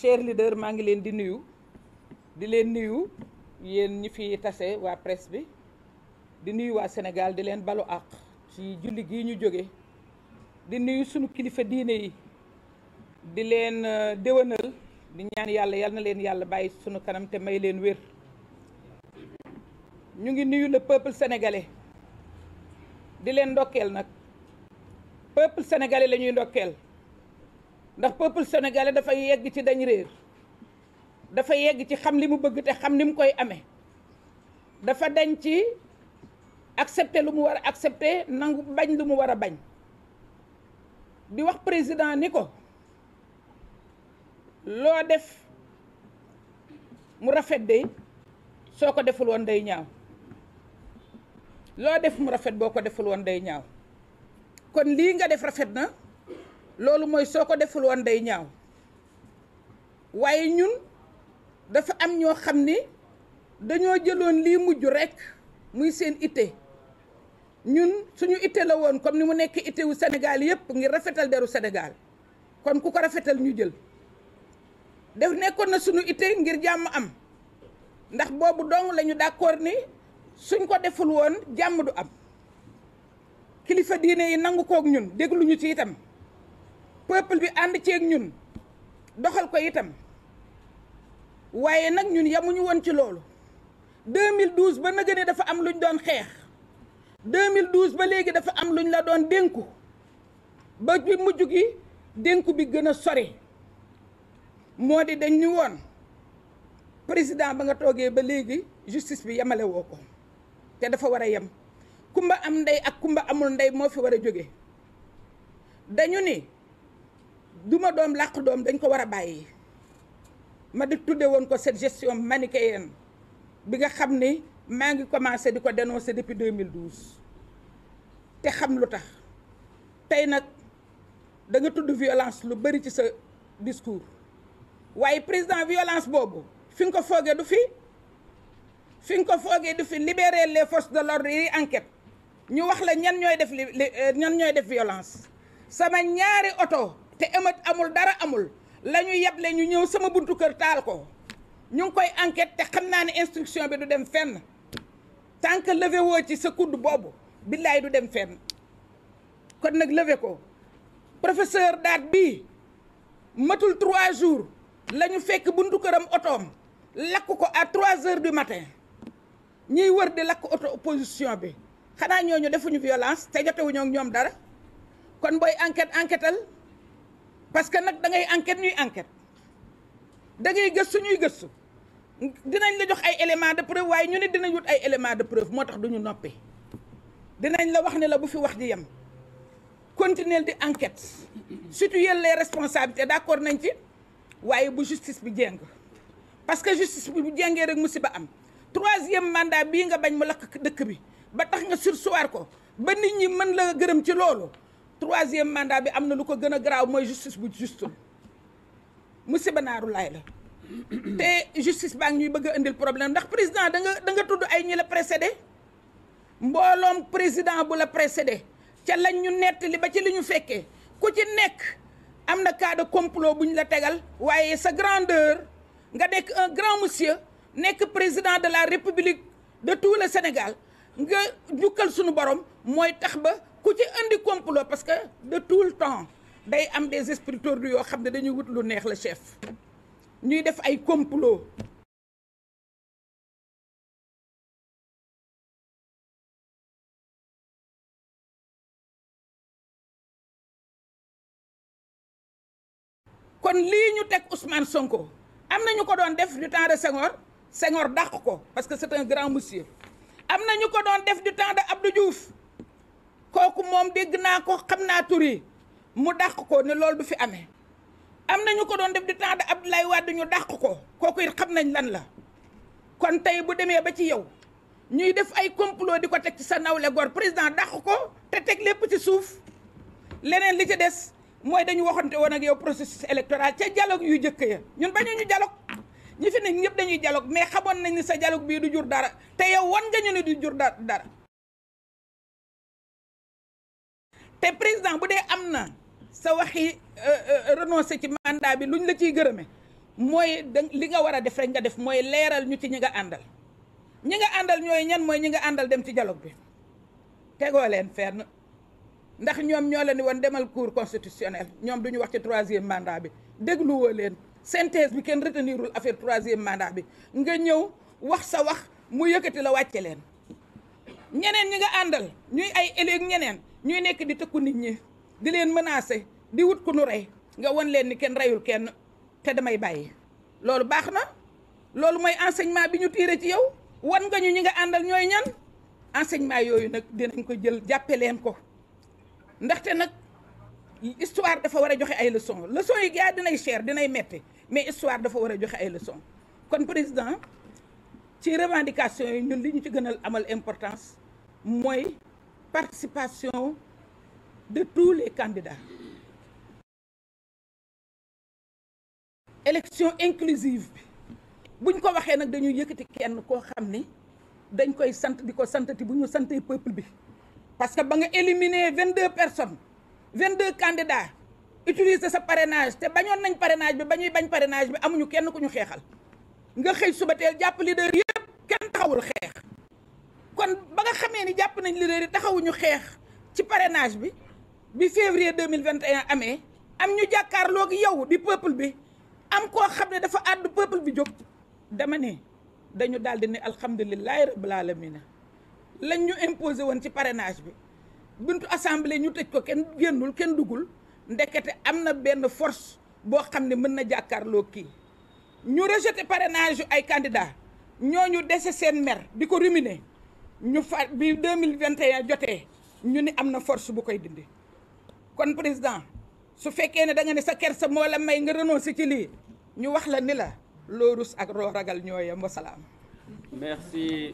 chers leaders maa ngi leen di nuyu di leen nuyu yéen ñi fi tase waa presse bi di nuyu waa Sénégal di leen balu àq ci julli gi ñu jóge di nuyu sunu kilifa diine yi di leen euh, déwénal di ñaan yàlla yal na leen yàlla bàyyi sunu kanam te may leen wér ñu ngi nuyu le peuple sénégalais di leen ndokkeel nag peuple sénégalais lañuy ñuy ndokkeel ndax peuple sénégalais dafa yegg ci dañ réer dafa yegg ci xam li mu bëgg te xam ni mu koy amee dafa dañ ci aksepte lu mu war a nangu bañ lu mu war a bañ di wax président ni ko loo def mu rafet de soo ko deful woon day ñaaw loo def mu rafet boo ko deful woon day ñaaw kon lii nga def rafet na loolu mooy soo ko deful woon day ñaaw waaye ñun dafa am ñoo xam ni dañoo jëloon lii mujj rekk muy seen itte ñun suñu itte la woon comme ni mu nekk itte wu Sénégal yépp ngir rafetal deru senegaal kon ku ko rafetal ñu jël def nekkoon na suñu itte ngir jàmm am ndax boobu dong lañu d'accord ni suñ ko deful woon jàmm du am kilifa diine yi nangu kook ñun dégluñu ci itam peuple bi ànd ceeg ñun doxal ko itam waaye nag ñun yamuñu woon ci loolu 2012 ba nëgë ne dafa am luñ doon xeex 2012 ba léegi dafa am luñ la doon dénku ba bi mujj gi dénku bi gën a sori moo di dañ ñu woon président ba nga toogee ba léegi justice bi yemale woo ko te dafa war a yem kumba am ndey ak kumba amul ndey moo fi war a jóge dañu ni duma doom làq doom dañ ko war a bàyyi ma di tudde woon ko cette gestion manichéenne bi nga xam ni maa ngi commencé di ko dénoncer depuis 2012 te xam lu tax tey nag da nga tudd violence lu bëri ci sa discours waaye président violence boobu fi nga ko foogee du fi fi nga ko foogee du fi libérer les forces de l'ordre yi enquête ñu wax la ñan ñooy def li ñan ñooy def violence sama ñaari oto te émeute amul dara amul la ñu yeble ñu ñëw sama buntu kër taal ko ñu ngi koy enquête te xam naa ni instruction bi du dem fenn tant que woo ci sa kudd boobu billaay du dem fenn kon nag levé ko professeur daat bii matul trois jours la ñu fekk buntu këram otoom lakk ko à trois heures du matin ñiy wër di lakk oto opposition bi xanaa ñooñu defuñu violence te jotewuñoo ak ñoom dara kon booy enquête enquêtal parce que nag da ngay enquête ñuy enquête dangay ngay suñuy ñuy gëstu dinañ la jox ay éléments de preuve waaye ñu ne dinañ wut ay élément de preuve moo tax du ñu noppi dinañ la wax ne la bu fi wax ji yem continuer di enquête situer les responsabilités d'accord nañ ci waaye bu justice bi jéng parce que justice bi bu jengee rek ba am troisième mandat bii nga bañ mu lakk dëkk bi ba tax nga surseoir ko ba nit ñi mën la gërëm ci loolu troisième mandat bi am na lu ko gën a garaaw mooy justice bu juste musiba naaru laay la te justice baa ngi ñuy bëgg a indil problème ndax président danga nga tudd ay ñi la précédé mbooloom président bu la précédé ca lañ ñu nettali ba ci li ñu fekkee ku ci nekk am na cas de bu ñu la tegal waaye sa grandeur nga nekk un grand monsieur nekk président de la république de tout le Sénégal nga jukkal suñu borom mooy tax ba ku ci indi complot parce que de tout le temps day am des esprits tordus yoo xam ne dañuy wut lu neex la chef ñuy def ay complot kon lii ñu teg Ousmane Sonko am na ñu ko doon def du temps de Senghor Senghor dàq ko parce que c'est un grand monsieur am na ñu ko doon def di temps de Abdou Diouf kooku moom dégg naa ko xam naa turi mu dàq ko ne loolu du fi amee am na ñu ko doon def du temps de Abdoulaye Wade dàq ko kooku it xam nañ lan la kon tey bu demee ba ci yow ñuy def ay complot di ko teg ci sa nawle gor président dàq ko te teg lépp ci suuf leneen li ci des mooy dañu waxante woon ak yow processus électoral ca dialogue yu jëkk ya ñun bañu ñu ñi fi ne ñëpp dañuy jaloog mais xamoon nañ ni sa dialogue bii du jur dara te yow wan nga ñu ne du jur dara te président bu dee am na sa waxi euh, euh, renoncé ci mandat bi luñ la ciy gërëme mooy li nga war a def rek nga def mooy leeral ñu ci ñi àndal ñi nga àndal ñooy ñan mooy ñi nga àndal dem ci dialogue bi tegoo leen fenn ndax ñoom ñoo la ni woon demal cour constitutionnel ñoom duñu wax ci troisième mandat bi dégluwoo leen synthèse bi kenn retenirul affaire troisième mandat bi nga ñëw wax sa wax mu yëkkati la wàcce leen ñeneen ñi nga àndal ñuy ay élèves ñeneen ñuy nekk di tëkku nit ñi di leen menacer di wut ku nu rey nga won leen ni kenn reyul kenn te damay bàyyi loolu baax na loolu mooy enseignement bi ñu tiire ci yow wan nga ñu ñi nga àndal ñooy ñan enseignement yooyu nag dinañ ko jël jàppe leen ko ndaxte nag histoire dafa war a joxe ay leçons leçons yi gaa dinay cher dinay metti mais histoire dafa war a joxe ay leçons kon président ci revendication yi ñun li ñu ci gën a amal importance mooy participation de tous les candidats élection inclusive bi buñ ko waxee nag dañuy yëkkati kenn koo xam ni dañ koy sant di ko santati bu ñu santee peuple bi parce que ba nga éliminer vingt-deux personnes 22 candida utiliser sa parrainage te bañoon nañ parrainage bi ba ñuy bañ parrainage bi amuñu kenn ku ñu xeexal nga xëy suba teel jàpp leader yëpp kenn taxawul xeex kon ba nga xamee ni jàpp nañ leader yi taxawuñu xeex ci parrainage bi bi février 2021 amee am ñu jàkkaarloog yow di peuple bi am koo xam ne dafa àddu peuple bi jóg dama ne dañu daal di ne alhamdulilahi rabbil alamina lañ ñu imposé woon ci parrainage bi buntu assemblée ñu tëj ko kenn génnul kenn duggul ndekete am na benn force boo xam ne mën na jàkkaarloo kii ñu rejeté parrainage yu ay candidat ñooñu dese seen mer di ko ruminer ñu fa bi deux mille vingt et jotee ñu ni am na force bu koy dindi kon président su fekkee ne da nga ne sa kersa moo la may nga renoncer ci lii ñu wax la ni la loo rus ak loo ragal ñooyam wasalaam merci